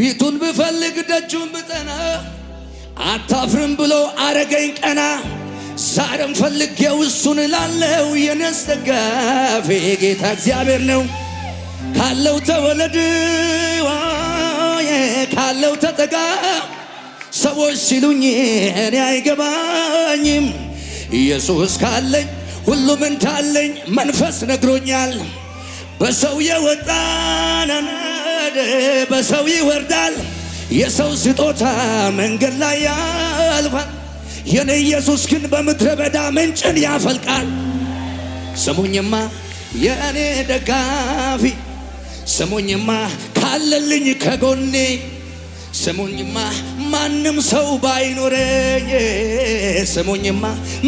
ፊቱን ብፈልግ ደጁን ብጠና አታፍርም ብሎ አረገኝ ቀና። ዛሬም ፈልግ የውሱን እላለው የኔስ ደጋፊ ጌታ እግዚአብሔር ነው። ካለው ተወለድ ካለው ተጠጋ ሰዎች ሲሉኝ እኔ አይገባኝም። ኢየሱስ ካለኝ ሁሉም እንዳለኝ መንፈስ ነግሮኛል። በሰው የወጣ ፈቃድ በሰው ይወርዳል። የሰው ስጦታ መንገድ ላይ ያልፋል። የኔ ኢየሱስ ግን በምድረ በዳ ምንጭን ያፈልቃል። ስሙኝማ የእኔ ደጋፊ ስሙኝማ ካለልኝ ከጎኔ ስሙኝማ ማንም ሰው ባይኖረኝ ስሙኝማ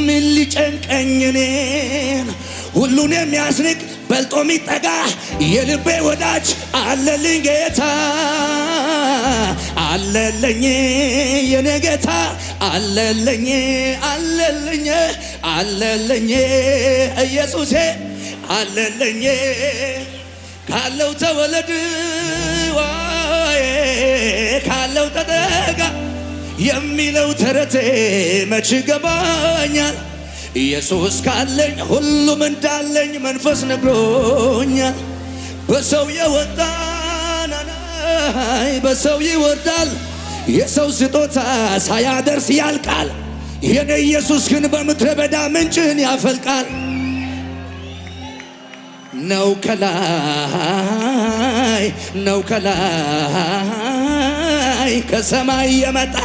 ምን ሊጨንቀኝ እኔን ሁሉን የሚያስኔ በልጦ ሚጠጋ የልቤ ወዳጅ አለልኝ ጌታ አለልኝ የኔ ጌታ አለልኝ አለልኝ አለለኝ ኢየሱሴ አለለኝ ካለው ተወለድ ካለው ተጠጋ የሚለው ተረቴ መች ገባኛል ኢየሱስ ካለኝ ሁሉም እንዳለኝ መንፈስ ነግሮኛል። በሰው የወጣን አናይ በሰው ይወርዳል። የሰው ስጦታ ሳያደርስ ያልቃል። የኔ ኢየሱስ ግን በምድረ በዳ ምንጭህን ያፈልቃል ነው ከላይ ነው ከላይ ከሰማይ የመጣ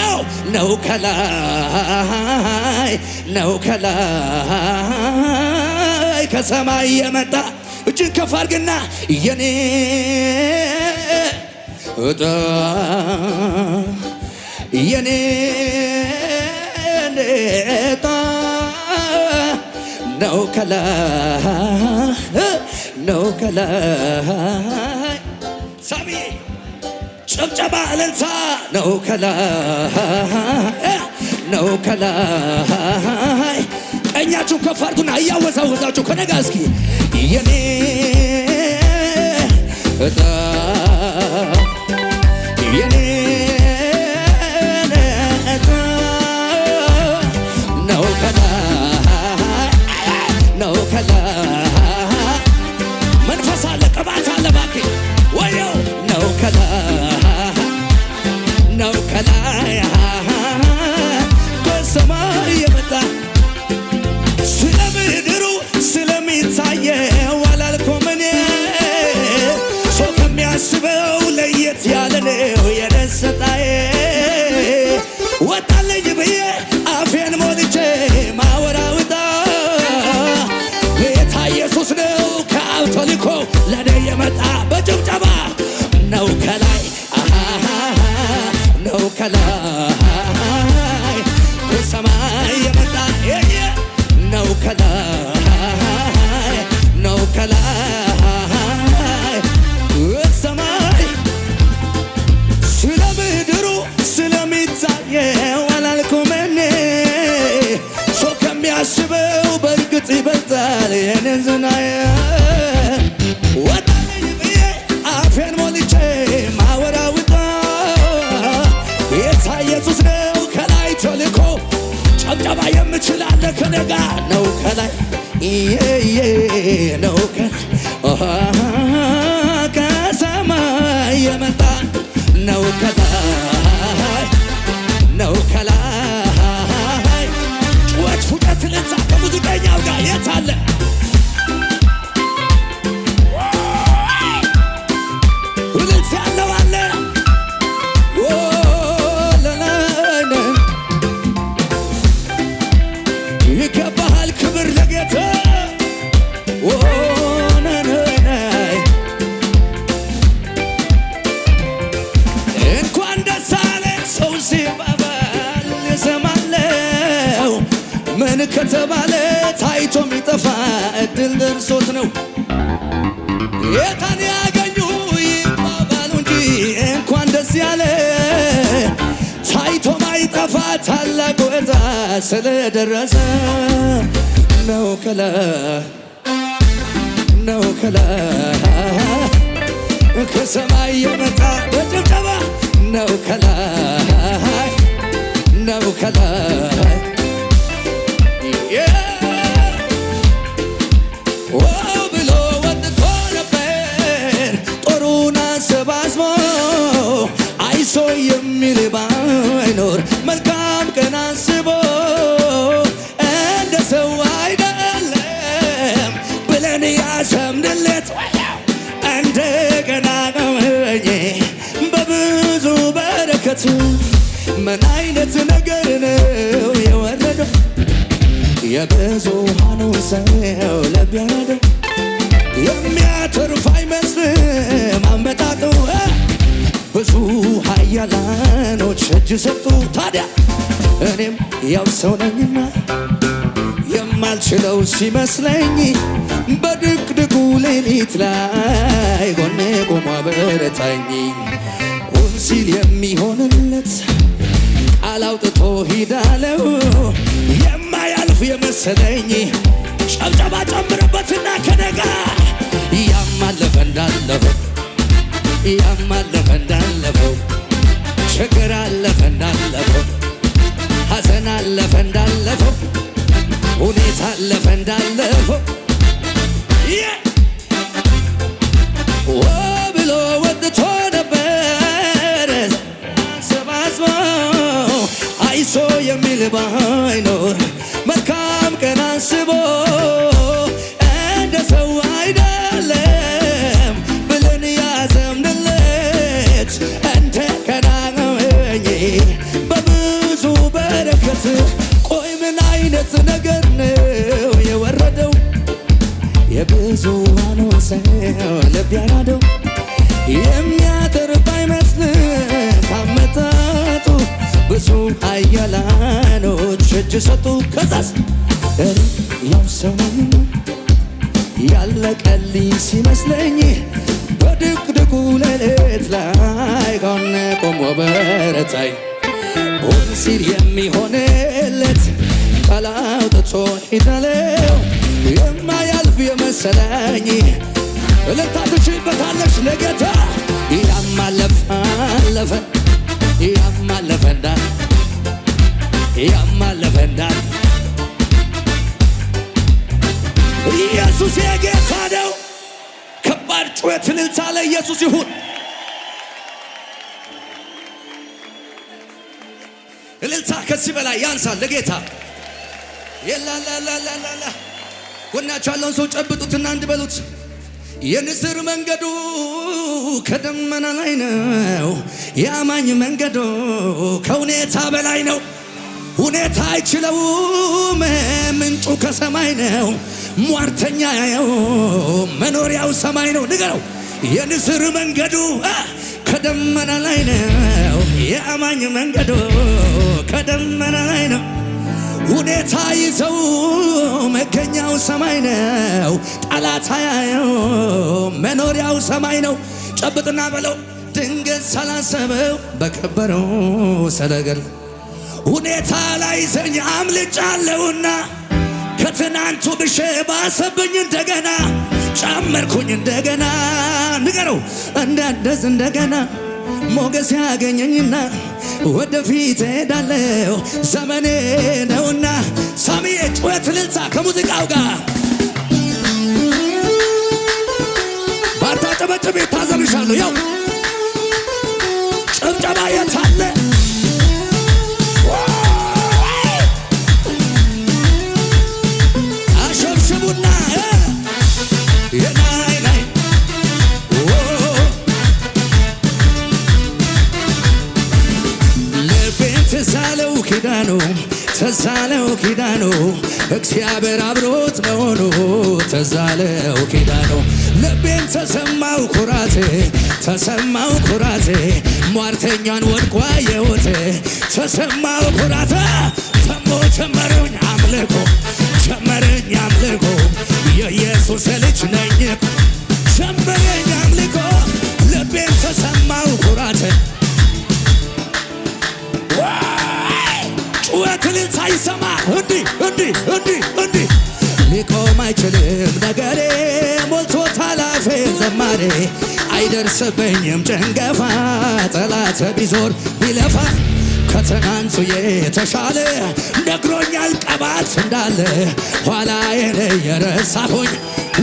አው ነው ከላይ ነው ከላይ ከሰማይ የመጣ እጅን ከፍ አድርግና የኔ እጣ የኔ እጣ ነው ከላይ ነው ከላይ ሳሚ ጨብጨባ እልልታ ነው ከላይ ነው ከላይ ቀኛችሁ ከፍ አድርጉና እያወዛወዛችሁ ከነጋ እስኪ የኔ እጣ የኔ እጣ ነው ከላይ ነው ከላይ መንፈስ አለ ቅባት አለ ባክ ወየው ነው ከላይ ከላይ ከሰማይ የመጣ ነው ከላይ ነው ከላይ ሰማይ ስለ ምድሩ ስለሚታየው አላልኩም እኔ ሰው ከሚያስበው በእርግጥ ይበልጣል የኔን ልገባ የምችል አለ ከኔ ጋር ነው ከላይ ይዬ ነው ከሰማይ የመጣ ነው ከላይ ነው ከላይ ጭወት ፉቀት ልንጻ ከሙዚቀኛው ጋር የት አለ ያለ ታይቶ ማይጠፋ ታላቅ ወዛ ስለደረሰ ነው ከላ ነው ከላ ከሰማይ የመጣ በጭብጨባ ነው ከላ ነው ከላ ውርደቱ ምን አይነት ነገር ነው የወረደው? የብዙሃኑ ሰው ልብ ያረደው የሚያተርፍ አይመስልም አመጣጡ። ብዙ ሀያላኖች እጅ ሰጡ። ታዲያ እኔም ያው ሰው ነኝና የማልችለው ሲመስለኝ በድቅድቁ ሌሊት ላይ ጎኔ ቆሞ አበረታኝ። ሲል የሚሆንለት አላውጥቶ ሂዳለው የማያልፍ የመሰለኝ ጨብጨባ ጨምርበትና ከነጋ ያማለፈ እንዳለፈው ያማለፈ እንዳለፈው ችግር አለፈ እንዳለፈው ሐዘን አለፈ እንዳለፈው ሁኔታ አለፈ እንዳለፈው መልሶ የሚል ባይኖር መልካም ቀን አንስቦ እንደ ሰው አይደለም ብልን ያዘምንለት እንተ ከናኝ በብዙ በረከት ቆይ ምን አይነት ነገር ነው የወረደው የብዙ ዋኖ ልብ ያናደው ብዙ ኃያላኖች እጅ ሰጡ። ከዛስ ያው ሰው ያለቀልኝ ሲመስለኝ በድቅድቁ ሌሊት ላይ ከሆነ ቆሞ በረታኝ ሆን ሲል የሚሆንለት ቃል አውጥቶ የማያልፍ የመሰለኝ እልታ ትችይበታለሽ ለጌታ ያም አለፈ አለፈ ያማለፈና ያማለፈና ኢየሱስ የጌታ ነው። ከባድ ጩኸት እልልታ ለኢየሱስ ይሁን፣ እልልታ ከዚህ በላይ ያንሳል ለጌታ የላላላላላ ጎናችሁ ያለውን ሰው ጨብጡትና እንድበሉት የንስር መንገዱ ከደመና ላይ ነው። የአማኝ መንገዱ ከሁኔታ በላይ ነው። ሁኔታ አይችለውም። ምንጩ ከሰማይ ነው። ሟርተኛ ው መኖሪያው ሰማይ ነው። ንገረው። የንስር መንገዱ ከደመና ላይ ነው። የአማኝ መንገዱ ከደመና ላይ ነው። ሁኔታ ይዘው መገኛው ሰማይ ነው። ጠላት ያየው መኖሪያው ሰማይ ነው። ጨብጥና በለው ድንገት ሳላሰበው በከበረው ሰረገል ሁኔታ ላይ ዘኝ አምልጫለሁና ከትናንቱ ብሸ ባሰብኝ እንደገና ጨመርኩኝ እንደገና ንገረው እንደንደዝ እንደገና ሞገስ ያገኘኝና ወደፊት ሄዳለሁ ዘመኔ ነውና ሳሚ ጩኸት ልልሳ ከሙዚቃው ጋር ባታጨበጭብ የታዘብሻለሁ ያው ጭብጨባ የታለ ኪዳኑ ተዛለው ኪዳኑ እግዚአብሔር አብሮት መሆኑ ተዛለው ኪዳኑ ልቤን ተሰማው ኩራቴ ተሰማው ኩራቴ ሟርተኛን ወድቋ የወቴ ተሰማው ኩራታ ተሞ ጀመረኝ አምልኮ ጀመረኝ አምልኮ የኢየሱስ ልጅ ነኝ ጀመረኝ አምልኮ ልቤን ተሰማው ሳይሰማ እንዲህ እንዲህ ሊቆም አይችልም ነገሬ ሞልቶታል አፌ ዘማሬ አይደርስብኝም ጭንገፋ ጠላት ቢዞር ቢለፋ ከትናንቱ የተሻለ ነግሮኛል ቀባት እንዳለ ኋላዬን የረሳሁኝ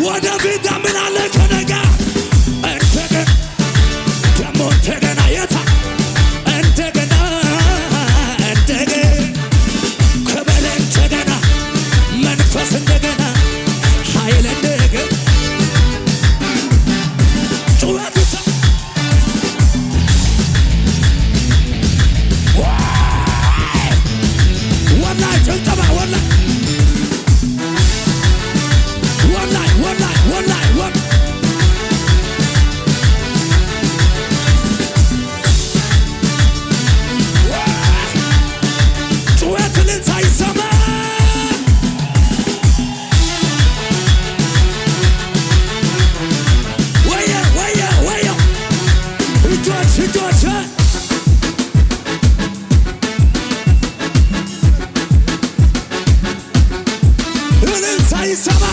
ወደፊት ከነጋ እንደገና እንደገና የታ ልጆችን ሳይሰማ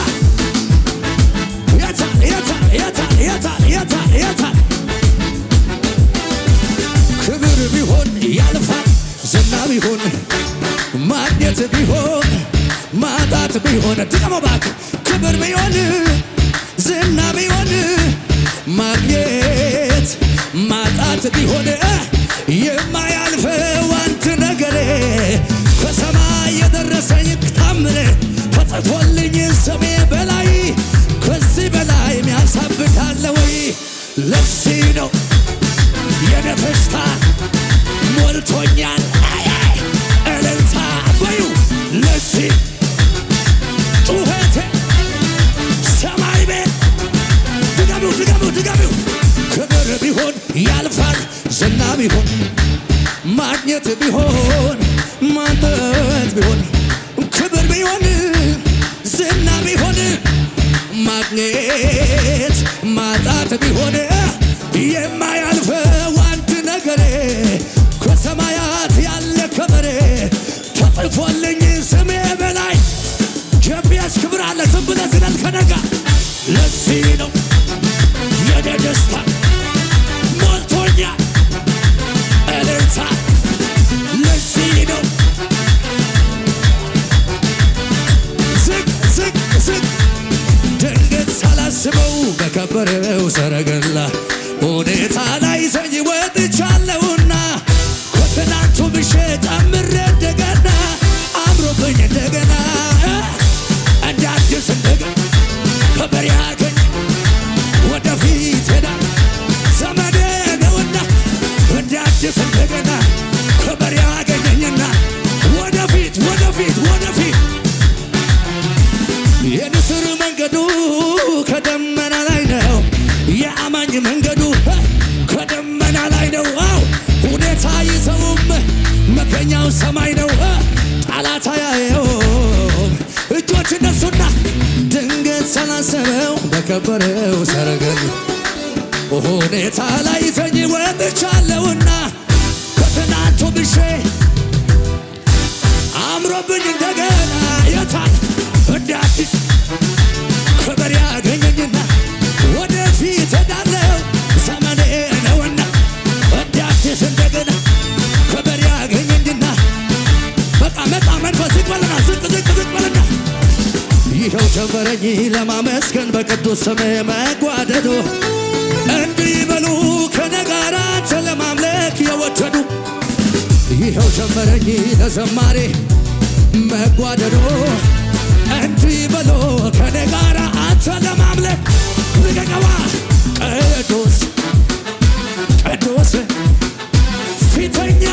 የታ የታ የታ የታ ክብር ቢሆን ያልፋል ዝና ማግኘት ቢሆን ክብር ቢሆን ዝና ቢሆን ማግኘት ማጣት ቢሆን የማያልፈው አንድ ነገር ከሰማይ የደረሰኝ ታምሬ ተጽፎልኝ ስሜ በላይ ከዚህ በላይ የሚያሳብታለ ወይ ለዚህ ነው ማግኘት ማጣት ቢሆን የማያልፈው አንድ ነገሬ ከሰማያት ያለ ከበሬ ተጽፎልኝ ስሜ በላይ ጀቢያስ ክብር አለ ዝም ብለህ ዝለል ከነጋ ለዚህ ነው ከበረው ሰረገላ ሁኔታ ላይ ዘኝ ወጥቻለሁና መንገዱ ከደመና ላይ ነው። ሁኔታ ይዘውም መገኛው ሰማይ ነው። ጠላት አያየውም። እጆች እነሱና ድንገት ሰላሰበው በከበረው ሰረገል ሁኔታ ላይ ተኝ ወጥቻለሁና ከትናንቱ ብሼ አምሮብኝ እንደገና የታል እንዳዲስ ክብር ያገኘኝና ወደፊት ዳለ ጀመረኝ ለማመስገን በቅዱስ ስም መጓደዱ እንዲህ በሉ ለማምለክ የወደዱ ይኸው ጀመረኝ ለዘማሬ መጓደዱ እንዲህ በሉ ከኔ ጋር ለማምለክ ቅዱስ ቅዱስ ፊተኛ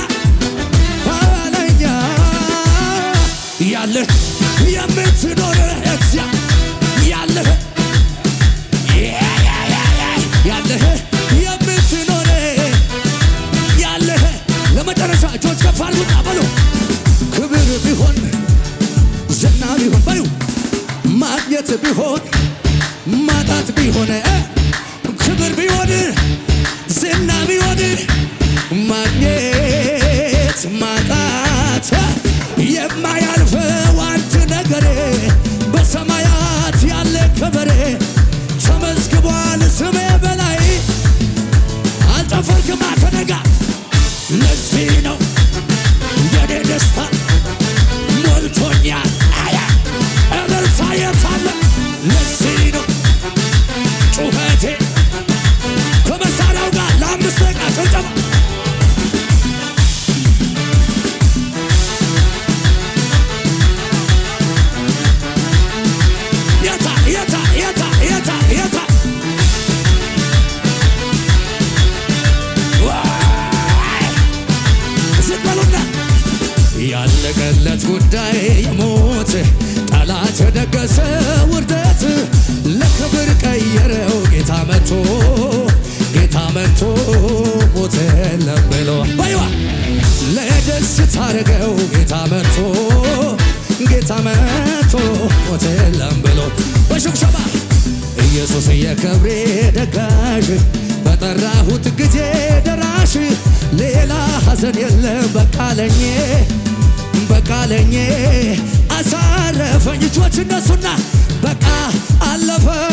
ያለህ ማጣት ቢሆን ማጣት ቢሆን ክብር ቢሆን ዝና ቢሆን ማግኘት ማጣት የማያልፈው አንድ ነገር የታ ያለቀለት ጉዳይ የሞት ጠላት የደገሰ ውርደት ለክብር ቀየረው ጌታ መቶ ጌታ መቶ ሞተለም ብሎ ባይዋ ለደስታ አረገው ጌታ መቶ ጌታ መቶ ሞት የለም ብሎ በሽብሸባ ኢየሱስ የክብሬ ደጋሽ በጠራሁት ጊዜ ደራሽ ሌላ ሐዘን የለም በቃለኜ በቃለኜ አሳረፈኝ እጆች እነሱና በቃ አለፈ